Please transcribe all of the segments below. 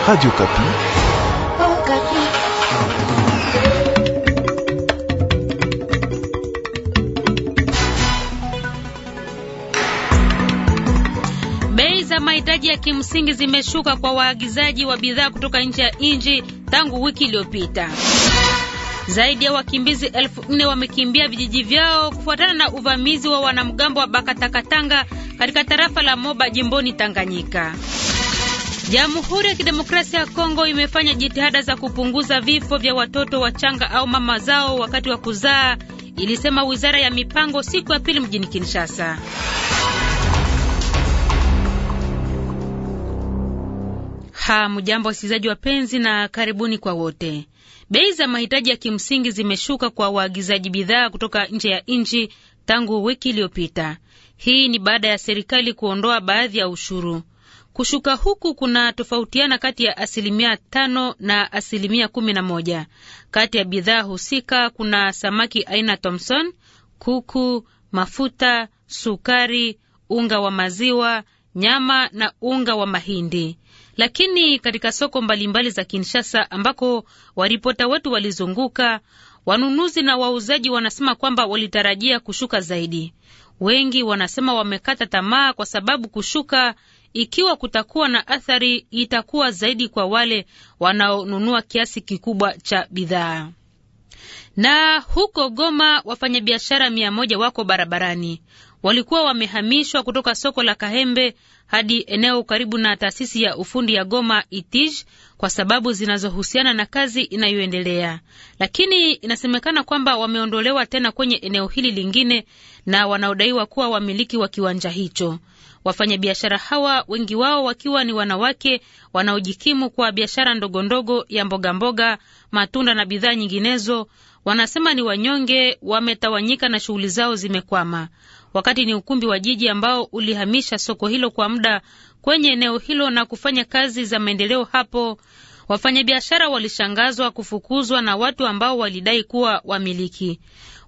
Radio Kapi. Oh, Kapi. Bei za mahitaji ya kimsingi zimeshuka kwa waagizaji wa bidhaa kutoka nje ya nchi tangu wiki iliyopita. Zaidi ya wakimbizi elfu nne wamekimbia vijiji vyao kufuatana na uvamizi wa wanamgambo wa Bakatakatanga katika tarafa la Moba jimboni Tanganyika. Jamhuri ya Kidemokrasia ya Kongo imefanya jitihada za kupunguza vifo vya watoto wachanga au mama zao wakati wa kuzaa, ilisema Wizara ya Mipango siku ya pili mjini Kinshasa. Hamjambo wasikilizaji wapenzi, na karibuni kwa wote. Bei za mahitaji ya kimsingi zimeshuka kwa waagizaji bidhaa kutoka nje ya nchi tangu wiki iliyopita. Hii ni baada ya serikali kuondoa baadhi ya ushuru. Kushuka huku kuna tofautiana kati ya asilimia tano na asilimia kumi na moja. Kati ya bidhaa husika kuna samaki aina Thomson, kuku, mafuta, sukari, unga wa maziwa, nyama na unga wa mahindi. Lakini katika soko mbalimbali za Kinshasa ambako waripota wetu walizunguka, wanunuzi na wauzaji wanasema kwamba walitarajia kushuka zaidi. Wengi wanasema wamekata tamaa kwa sababu kushuka ikiwa kutakuwa na athari, itakuwa zaidi kwa wale wanaonunua kiasi kikubwa cha bidhaa. Na huko Goma, wafanyabiashara mia moja wako barabarani. Walikuwa wamehamishwa kutoka soko la Kahembe hadi eneo karibu na taasisi ya ufundi ya Goma ITIJ kwa sababu zinazohusiana na kazi inayoendelea, lakini inasemekana kwamba wameondolewa tena kwenye eneo hili lingine na wanaodaiwa kuwa wamiliki wa kiwanja hicho. Wafanyabiashara hawa wengi wao wakiwa ni wanawake wanaojikimu kwa biashara ndogondogo ya mbogamboga, matunda na bidhaa nyinginezo, wanasema ni wanyonge, wametawanyika na shughuli zao zimekwama. Wakati ni ukumbi wa jiji ambao ulihamisha soko hilo kwa muda kwenye eneo hilo na kufanya kazi za maendeleo hapo. Wafanyabiashara walishangazwa kufukuzwa na watu ambao walidai kuwa wamiliki.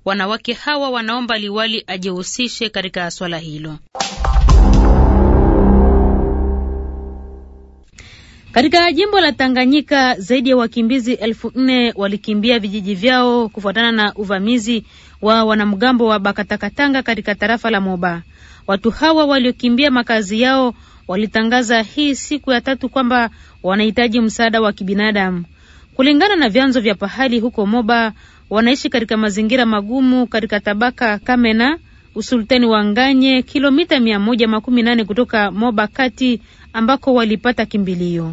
Wanawake hawa wanaomba liwali ajihusishe katika swala hilo. Katika jimbo la Tanganyika zaidi ya wakimbizi elfu nne walikimbia vijiji vyao kufuatana na uvamizi wa wanamgambo wa Bakatakatanga katika tarafa la Moba. Watu hawa waliokimbia makazi yao walitangaza hii siku ya tatu kwamba wanahitaji msaada wa kibinadamu. Kulingana na vyanzo vya pahali huko Moba, wanaishi katika mazingira magumu katika tabaka Kamena, usultani wa Nganye, kilomita mia moja makumi nane kutoka Moba Kati, ambako walipata kimbilio.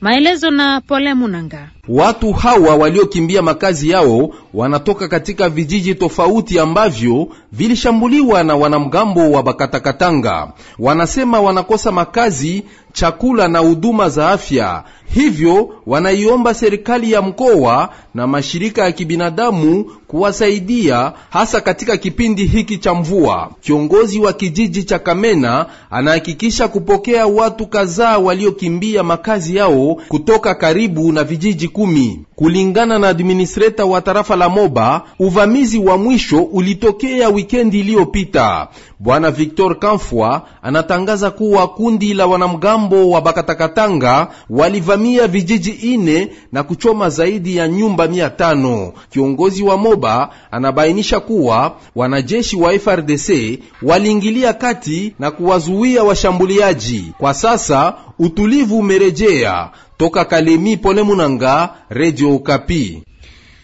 Maelezo na Pole Munanga. Watu hawa waliokimbia makazi yao wanatoka katika vijiji tofauti ambavyo vilishambuliwa na wanamgambo wa Bakatakatanga. Wanasema wanakosa makazi chakula na huduma za afya. Hivyo wanaiomba serikali ya mkoa na mashirika ya kibinadamu kuwasaidia hasa katika kipindi hiki cha mvua. Kiongozi wa kijiji cha Kamena anahakikisha kupokea watu kadhaa waliokimbia makazi yao kutoka karibu na vijiji kumi. Kulingana na administreta wa tarafa la Moba, uvamizi wa mwisho ulitokea wikendi iliyopita. Bwana Victor Kamfwa anatangaza kuwa kundi la wanamgambo wanamgambo wa Bakatakatanga walivamia vijiji ine na kuchoma zaidi ya nyumba mia tano. Kiongozi wa Moba anabainisha kuwa wanajeshi wa FRDC waliingilia kati na kuwazuia washambuliaji. Kwa sasa utulivu umerejea. Toka Kalemi, Pole Munanga, Redio Okapi.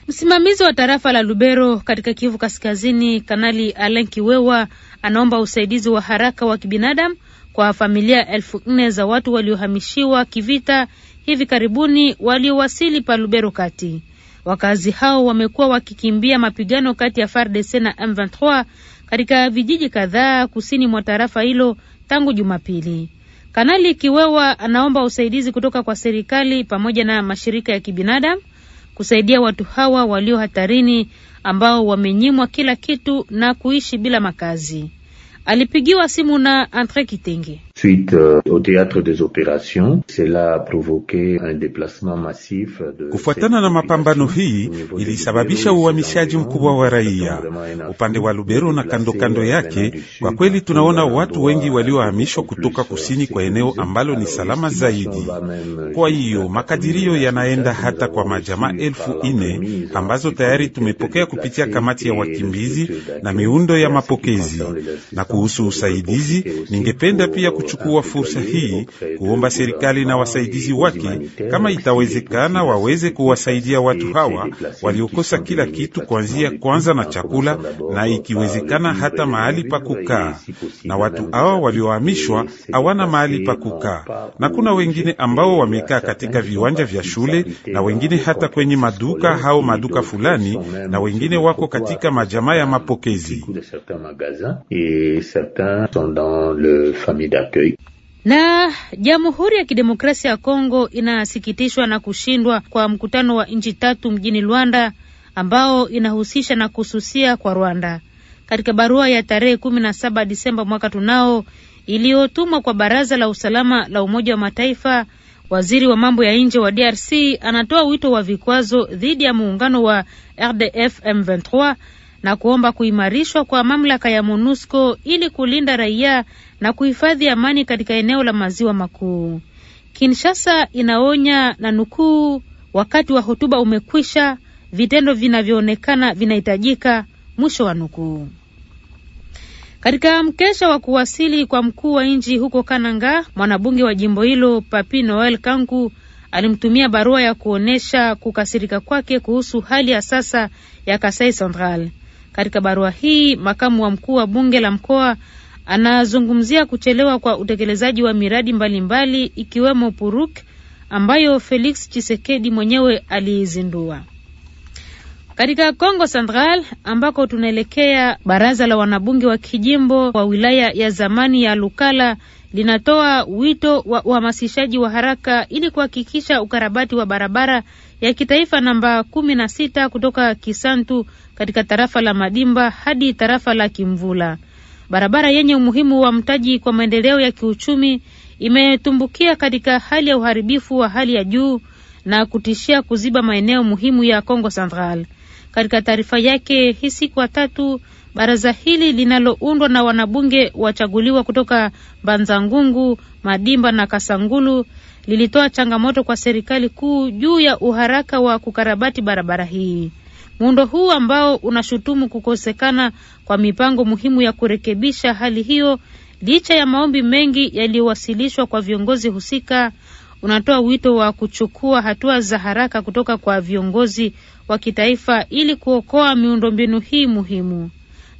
Msimamizi wa tarafa la Lubero katika Kivu Kaskazini, Kanali Alenki Wewa anaomba usaidizi wa haraka wa kibinadamu kwa familia elfu nne za watu waliohamishiwa kivita hivi karibuni waliowasili Palubero kati. Wakazi hao wamekuwa wakikimbia mapigano kati ya FARDC na M23 katika vijiji kadhaa kusini mwa tarafa hilo tangu Jumapili. Kanali Kiwewa anaomba usaidizi kutoka kwa serikali pamoja na mashirika ya kibinadamu kusaidia watu hawa walio hatarini ambao wamenyimwa kila kitu na kuishi bila makazi alipigiwa simu na Andre Kitenge suite euh, au théâtre des opérations. Cela a provoqué un déplacement massif de kufuatana na mapambano hii ilisababisha uhamishaji mkubwa wa raia upande wa Lubero na kando kando yake. Kwa kweli tunaona watu wengi waliohamishwa kutoka kusini kwa eneo ambalo ni salama zaidi. Kwa hiyo makadirio yanaenda hata kwa majamaa elfu ine ambazo tayari tumepokea kupitia kamati ya wakimbizi na miundo ya mapokezi. Na kuhusu usaidizi, ningependa pia kuchukua fursa hii kuomba serikali na wasaidizi wake, kama itawezekana, waweze kuwasaidia watu hawa waliokosa kila kitu, kuanzia kwanza na chakula, na ikiwezekana hata mahali pa kukaa. Na watu hawa waliohamishwa hawana mahali pa kukaa, na kuna wengine ambao wamekaa katika viwanja vya shule na wengine hata kwenye maduka au maduka fulani, na wengine wako katika majamaa ya mapokezi yake. Na Jamhuri ya Kidemokrasia ya Kongo inasikitishwa na kushindwa kwa mkutano wa nchi tatu mjini Luanda ambao inahusisha na kususia kwa Rwanda. Katika barua ya tarehe kumi na saba Disemba mwaka tunao iliyotumwa kwa Baraza la Usalama la Umoja wa Mataifa, waziri wa mambo ya nje wa DRC anatoa wito wa vikwazo dhidi ya muungano wa RDF M23 na kuomba kuimarishwa kwa mamlaka ya MONUSCO ili kulinda raia na kuhifadhi amani katika eneo la maziwa makuu. Kinshasa inaonya na nukuu, wakati wa hotuba umekwisha, vitendo vinavyoonekana vinahitajika, mwisho wa nukuu. Katika mkesha wa kuwasili kwa mkuu wa nchi huko Kananga, mwanabunge wa jimbo hilo Papi Noel kangu alimtumia barua ya kuonyesha kukasirika kwake kuhusu hali ya sasa ya Kasai Central. Katika barua hii, makamu wa mkuu wa bunge la mkoa anazungumzia kuchelewa kwa utekelezaji wa miradi mbalimbali mbali, ikiwemo Puruk ambayo Felix Chisekedi mwenyewe aliizindua. Katika congo Central ambako tunaelekea, baraza la wanabunge wa kijimbo wa wilaya ya zamani ya Lukala linatoa wito wa uhamasishaji wa haraka ili kuhakikisha ukarabati wa barabara ya kitaifa namba kumi na sita kutoka Kisantu katika tarafa la Madimba hadi tarafa la Kimvula. Barabara yenye umuhimu wa mtaji kwa maendeleo ya kiuchumi imetumbukia katika hali ya uharibifu wa hali ya juu na kutishia kuziba maeneo muhimu ya Kongo Central. Katika taarifa yake hii siku ya tatu, baraza hili linaloundwa na wanabunge wachaguliwa kutoka Banzangungu, Madimba na Kasangulu lilitoa changamoto kwa serikali kuu juu ya uharaka wa kukarabati barabara hii. Muundo huu ambao unashutumu kukosekana kwa mipango muhimu ya kurekebisha hali hiyo, licha ya maombi mengi yaliyowasilishwa kwa viongozi husika, unatoa wito wa kuchukua hatua za haraka kutoka kwa viongozi wa kitaifa ili kuokoa miundombinu hii muhimu.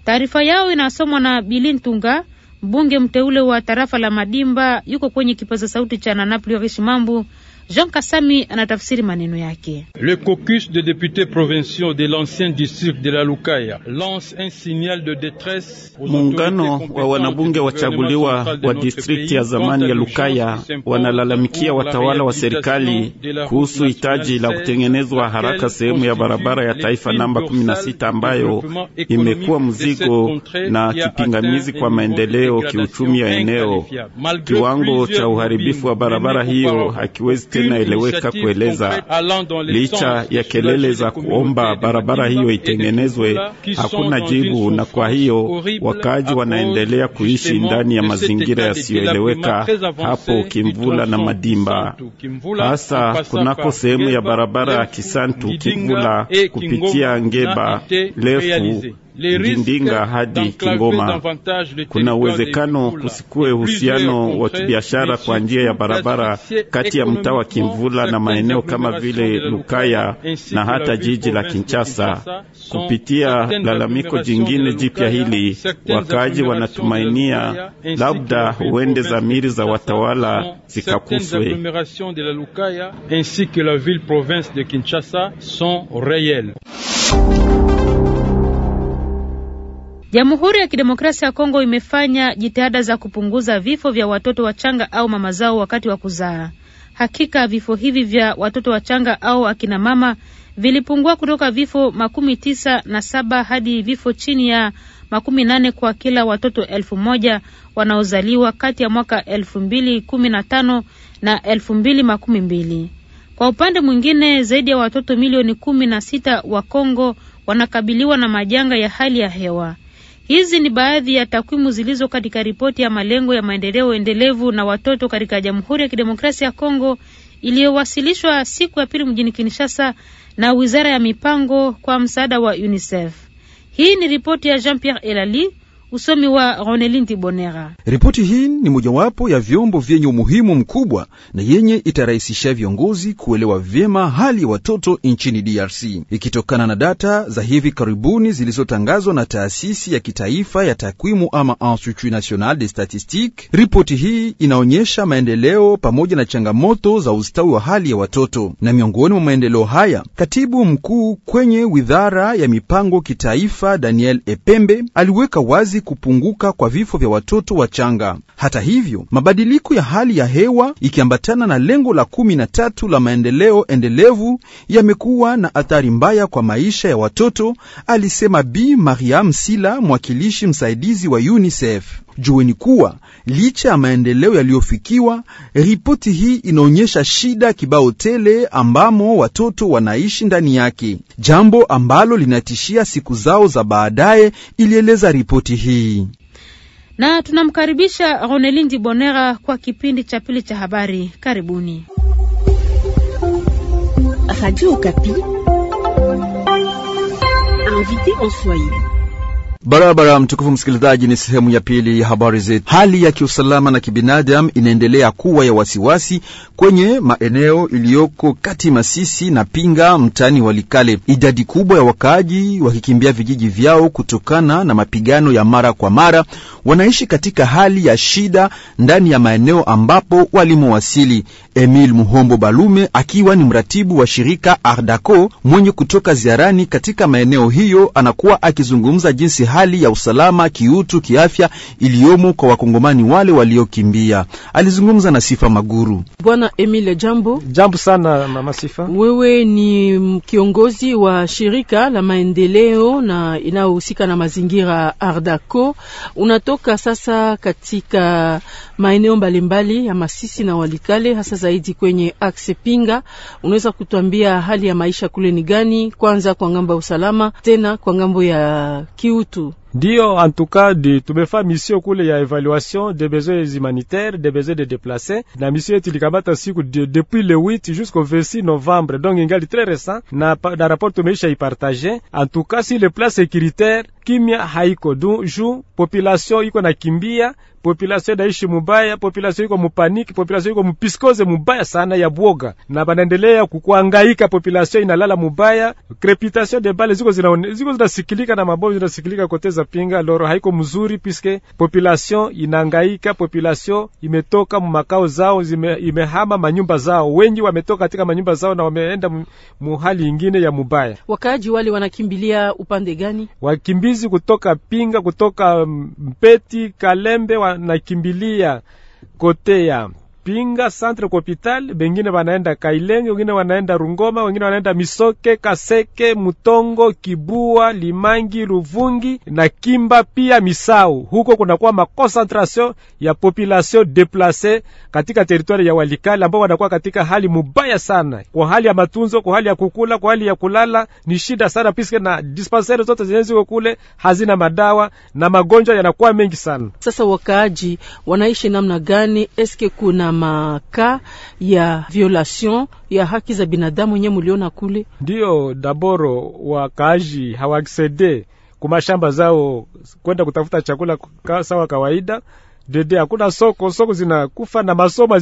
Taarifa yao inasomwa na Bilintunga. Mbunge mteule wa tarafa la Madimba yuko kwenye kipaza sauti cha Nanapli Rishi Mambu. Jean Kasami anatafsiri maneno yake. Le caucus de députés provinciaux de l'ancien district de la Lukaya lance un signal de détresse. Muungano wa wanabunge wachaguliwa wa distrikti ya zamani ya Lukaya wanalalamikia watawala wa serikali kuhusu hitaji la kutengenezwa haraka sehemu ya barabara ya taifa namba 16 ambayo imekuwa mzigo na kipingamizi kwa maendeleo maendeleo kiuchumi ya eneo. Kiwango cha uharibifu wa barabara hiyo hakiwezi tena eleweka kueleza. Licha ya kelele za kuomba barabara hiyo itengenezwe, hakuna jibu, na kwa hiyo wakaaji wanaendelea kuishi ndani ya mazingira yasiyoeleweka hapo Kimvula na Madimba, hasa kunako sehemu ya barabara ya Kisantu Kimvula kupitia Ngeba Lefu jindinga hadi Kingoma. Kuna uwezekano kusikue uhusiano wa kibiashara kwa njia ya barabara kati ya mtaa wa Kimvula na maeneo kama vile Lukaya na hata jiji la Kinshasa. Kupitia lalamiko jingine jipya hili, wakaaji wanatumainia labda huende miri za watawala zikakuswe. Jamhuri ya Kidemokrasia ya Kongo imefanya jitihada za kupunguza vifo vya watoto wachanga au mama zao wakati wa kuzaa. Hakika vifo hivi vya watoto wachanga au akina mama vilipungua kutoka vifo makumi tisa na saba hadi vifo chini ya makumi nane kwa kila watoto elfu moja wanaozaliwa kati ya mwaka elfu mbili kumi na tano na elfu mbili makumi mbili. Kwa upande mwingine, zaidi ya watoto milioni kumi na sita wa Kongo wanakabiliwa na majanga ya hali ya hewa. Hizi ni baadhi ya takwimu zilizo katika ripoti ya malengo ya maendeleo endelevu na watoto katika Jamhuri ya Kidemokrasia ya Kongo iliyowasilishwa siku ya pili mjini Kinshasa na Wizara ya Mipango kwa msaada wa UNICEF. Hii ni ripoti ya Jean-Pierre Elali Usomi wa Ronelindi Bonera. Ripoti hii ni mojawapo ya vyombo vyenye umuhimu mkubwa na yenye itarahisisha viongozi kuelewa vyema hali ya watoto nchini DRC ikitokana na data za hivi karibuni zilizotangazwa na taasisi ya kitaifa ya takwimu ama Institut National de Statistique. Ripoti hii inaonyesha maendeleo pamoja na changamoto za ustawi wa hali ya watoto, na miongoni mwa maendeleo haya, katibu mkuu kwenye widhara ya mipango kitaifa Daniel Epembe aliweka wazi kupunguka kwa vifo vya watoto wachanga. Hata hivyo, mabadiliko ya hali ya hewa ikiambatana na lengo la kumi na tatu la maendeleo endelevu yamekuwa na athari mbaya kwa maisha ya watoto, alisema Bi Mariam Sila, mwakilishi msaidizi wa UNICEF. Jueni kuwa licha ya maendeleo yaliyofikiwa, ripoti hii inaonyesha shida kibao tele ambamo watoto wanaishi ndani yake, jambo ambalo linatishia siku zao za baadaye, ilieleza ripoti hii. Na tunamkaribisha Ronelindi Bonera kwa kipindi cha pili cha habari. Karibuni Radio Okapi. Barabara mtukufu msikilizaji, ni sehemu ya pili ya habari zetu. Hali ya kiusalama na kibinadamu inaendelea kuwa ya wasiwasi kwenye maeneo iliyoko kati Masisi na Pinga, mtaani Walikale, idadi kubwa ya wakaaji wakikimbia vijiji vyao kutokana na mapigano ya mara kwa mara. Wanaishi katika hali ya shida ndani ya maeneo ambapo walimowasili. Emil Muhombo Balume akiwa ni mratibu wa shirika Ardaco mwenye kutoka ziarani katika maeneo hiyo, anakuwa akizungumza jinsi hali ya usalama kiutu, kiafya iliyomo kwa wakongomani wale waliokimbia. Alizungumza na Sifa Maguru. Bwana Emile, jambo. Jambo sana mama Sifa. Wewe ni kiongozi wa shirika la maendeleo na inayohusika na mazingira Ardaco. Unatoka sasa katika maeneo mbalimbali ya Masisi na Walikale, hasa zaidi kwenye akse Pinga. Unaweza kutuambia hali ya maisha kule ni gani, kwanza kwa ngambo ya usalama, tena kwa ngambo ya kiutu? too Ndiyo, en tout cas de tumefaa misio kule ya evaluation de besoins humanitaires des besoins de déplacés, na mission yetu ilikamata siku de, depuis le 8 jusqu'au 26 novembre, donc ingali très récent, na, na rapport tumeisha ipartage. En tout cas si le plan sécuritaire kimya haiko du ju population iko nakimbia, population naishi mubaya, population iko mupaniki, population iko mupiskoze mubaya sana ya bwoga, na banaendelea kukuangaika, population inalala mubaya, crepitation de bale ziko zinasikilika na mabomu zinasikilika koteza tutapinga loro haiko mzuri, piske population inangaika, population imetoka mumakao zao zime, imehama manyumba zao, wengi wametoka katika manyumba zao na wameenda muhali ingine ya mubaya. Wakaaji wale wanakimbilia upande gani? Wakimbizi kutoka Pinga, kutoka Mpeti, Kalembe wanakimbilia kote ya Pinga Centre Hopital, bengine wanaenda Kailenge, wengine wanaenda Rungoma, wengine wanaenda Misoke, Kaseke, Mutongo, Kibua, Limangi, Ruvungi na Kimba pia Misau. Huko kunakuwa makoncentration ya population deplace katika teritwari ya Walikale ambao wanakuwa katika hali mubaya sana, kwa hali ya matunzo, kwa hali ya kukula, kwa hali ya kulala ni shida sana, piske na dispenseri zote zenye ziko kule hazina madawa na magonjwa yanakuwa mengi sana. Sasa wakaaji wanaishi namna gani? Eske kuna maka ya violation ya haki za binadamu nye muliona kule? Ndiyo, daboro wakaaji hawaksede kumashamba zao kwenda kutafuta chakula sawa kawaida dede hakuna soko, soko zinakufa na masomo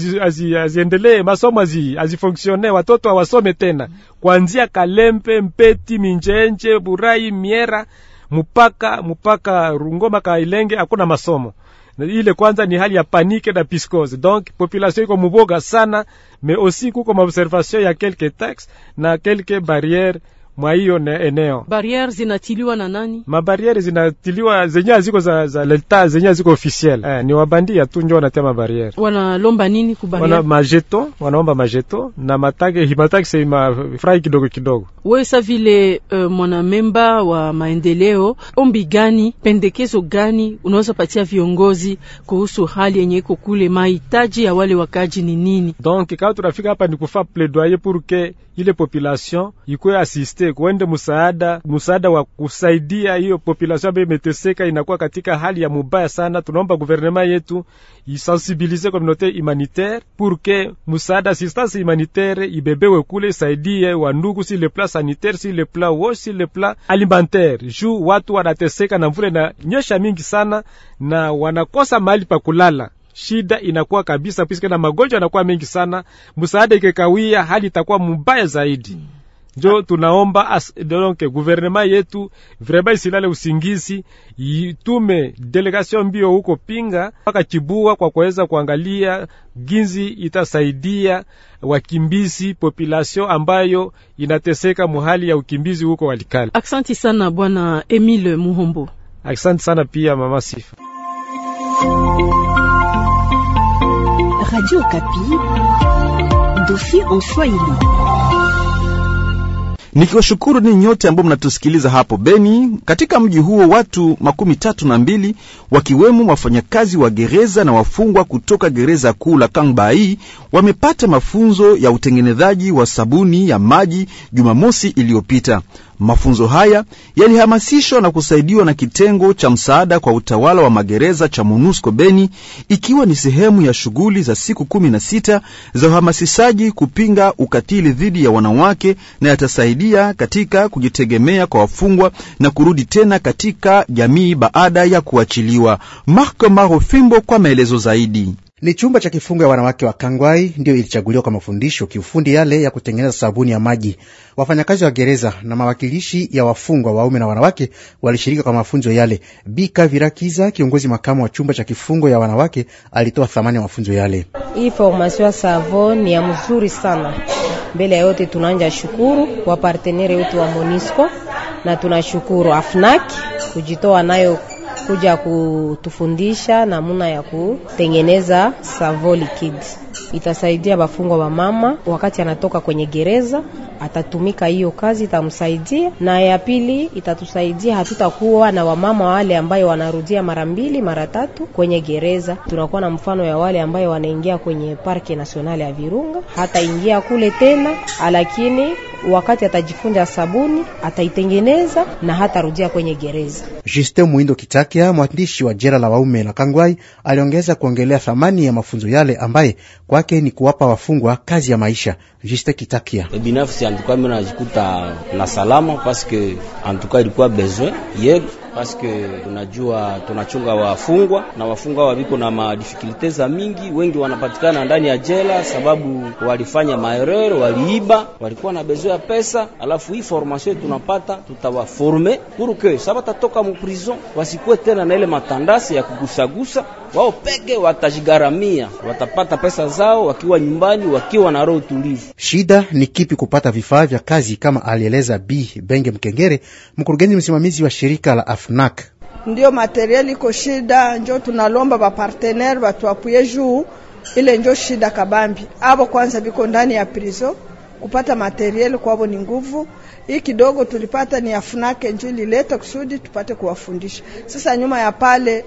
aziendelee, masomo azifonksione, watoto hawasome tena, kuanzia Kalempe, Mpeti, Minjenje, Burai, Miera mpaka mpaka Rungoma, Kailenge, hakuna masomo ile kwanza ni hali ya panique na piscose, donc population iko muboga sana, mais aussi kuko maobservation ya quelques taxes na quelques barrières mwa hiyo eneo. Barriere zinatiliwa na nani? Mabariere zinatiliwa zenye ziko za, za leta zenye ziko officiel eh, ni wabandia tu ndio wanatia mabariere. Wanalomba nini ku barriere? Wana majeto, wanaomba majeto na matage himatage sema ma frai kidogo kidogo. Wewe sa vile uh, mwana memba wa maendeleo, ombi gani, pendekezo gani unaweza patia viongozi kuhusu hali yenye iko kule, mahitaji ya wale wakaji ni nini? Donc kama tunafika hapa ni kufa plaidoyer pour que ile population ikuwe assiste kote kuende msaada, msaada wa kusaidia hiyo population ambayo imeteseka, inakuwa katika hali ya mubaya sana. Tunaomba guvernema yetu isensibilize communauté humanitaire pour que msaada, assistance humanitaire ibebewe kule, isaidie ndugu, si le plan sanitaire, si le plan wo, si le plan alimentaire, ju watu wanateseka na mvula inanyesha mingi sana na wanakosa mahali pa kulala shida inakuwa kabisa, piske na magonjwa yanakuwa mengi sana. Msaada ikikawia, hali itakuwa mubaya zaidi. mm njo tunaomba as, donc guvernema yetu vrema isilale usingizi, itume delegation mbio huko Pinga mpaka Chibua kwa kuweza kuangalia ginzi itasaidia wakimbizi population ambayo inateseka muhali ya ukimbizi huko Walikale. Aksanti sana bwana Emile Muhombo. Aksanti sana pia mama Sifa. Radio Kapi, dofi en Swahili nikiwashukuru ninyi nyote ambao mnatusikiliza hapo Beni. Katika mji huo watu makumi tatu na mbili wakiwemo wafanyakazi wa gereza na wafungwa kutoka gereza kuu la Kangbai wamepata mafunzo ya utengenezaji wa sabuni ya maji Jumamosi iliyopita. Mafunzo haya yalihamasishwa na kusaidiwa na kitengo cha msaada kwa utawala wa magereza cha MONUSCO Beni, ikiwa ni sehemu ya shughuli za siku kumi na sita za uhamasishaji kupinga ukatili dhidi ya wanawake na yatasaidia katika kujitegemea kwa wafungwa na kurudi tena katika jamii baada ya kuachiliwa. maro Marofimbo kwa maelezo zaidi. Ni chumba cha kifungo ya wanawake wa Kangwai ndio ilichaguliwa kwa mafundisho kiufundi yale ya kutengeneza sabuni ya maji. Wafanyakazi wa gereza na mawakilishi ya wafungwa waume na wanawake walishirika kwa mafunzo yale. Bika Virakiza, kiongozi makamu wa chumba cha kifungo ya wanawake, alitoa thamani ya mafunzo yale. Hii formasio ya savo ni ya mzuri sana. Mbele ya yote, tunaanja shukuru partenere wetu wa Monisco na tunashukuru AFNAK kujitoa nayo kuja kutufundisha namuna ya kutengeneza savo liquide. Itasaidia bafungwa wa mama wakati anatoka kwenye gereza, atatumika hiyo kazi, itamsaidia. Na ya pili itatusaidia, hatutakuwa na wamama wale ambayo wanarudia mara mbili mara tatu kwenye gereza. Tunakuwa na mfano ya wale ambayo wanaingia kwenye parke nasionale ya Virunga, hataingia kule tena, lakini wakati atajifunda sabuni ataitengeneza na hata rudia kwenye gereza. Justin Muindo Kitakia, mwandishi wa jela la waume la Kangwai, aliongeza kuongelea thamani ya mafunzo yale ambaye kwake ni kuwapa wafungwa kazi ya maisha. Justin Kitakia: e, binafsi antuka mina najikuta na salama paske antuka ilikuwa bezwe yeye paske tunajua tunachunga wafungwa na wafungwa waviko na madifikulite za mingi. Wengi wanapatikana ndani ya jela sababu walifanya maerero, waliiba, walikuwa na bezo ya pesa. Alafu hii formation tunapata, tutawaforme pour que sabatatoka mu prison wasikuwe tena na ile matandasi ya kugusagusa. Wao peke watajigaramia, watapata pesa zao wakiwa nyumbani, wakiwa na roho tulivu. Shida ni kipi? Kupata vifaa vya kazi, kama alieleza B Benge Mkengere, mkurugenzi msimamizi wa shirika la FNAC. Ndio materiel iko shida, njo tunalomba ba bapartenere batuapuye juu ile njo shida kabambi. Abo kwanza biko ndani ya prison, kupata materieli kwabo ni nguvu. Hii kidogo tulipata ni afunake njo ilileta kusudi tupate kuwafundisha. Sasa nyuma ya pale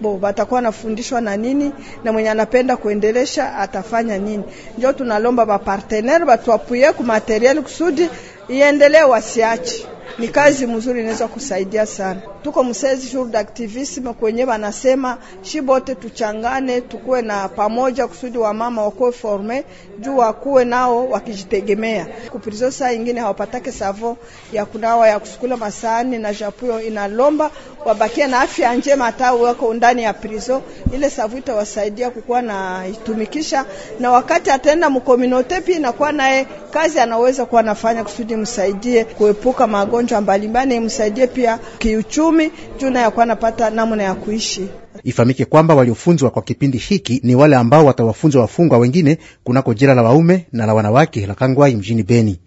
bo batakuwa nafundishwa na nini, na mwenye anapenda kuendelesha atafanya nini? Njo tunalomba ba partenaire batuapuye ku materiel kusudi iendelee, wasiache ni kazi mzuri, inaweza kusaidia sana. Tuko msezi shuru d'activisme kwenye wanasema shi bote tuchangane, tukuwe na pamoja kusudi wa mama wakuwe forme juu wakuwe nao wakijitegemea. Kupirizo saa ingine hawapatake savo ya kunawa ya kusukula masani na japuyo, inalomba wabakie na afya njema, hata wako ndani ya prizo ile savu itawasaidia kukuwa na itumikisha, na wakati ataenda mkominote pia inakuwa naye kazi anaweza kuwa nafanya kusudi msaidie kuepuka magonjwa magonjwa mbalimbali, imsaidie pia kiuchumi, juu naye akuwa anapata namna ya kuishi. Ifahamike kwamba waliofunzwa kwa kipindi hiki ni wale ambao watawafunzwa wafungwa wengine kunako jela la waume na la wanawake la Kangwai mjini Beni.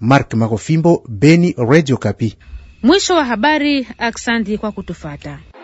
Mark Makofimbo, Beni, Radio Kapi. Mwisho wa habari. Aksandi kwa kutufata.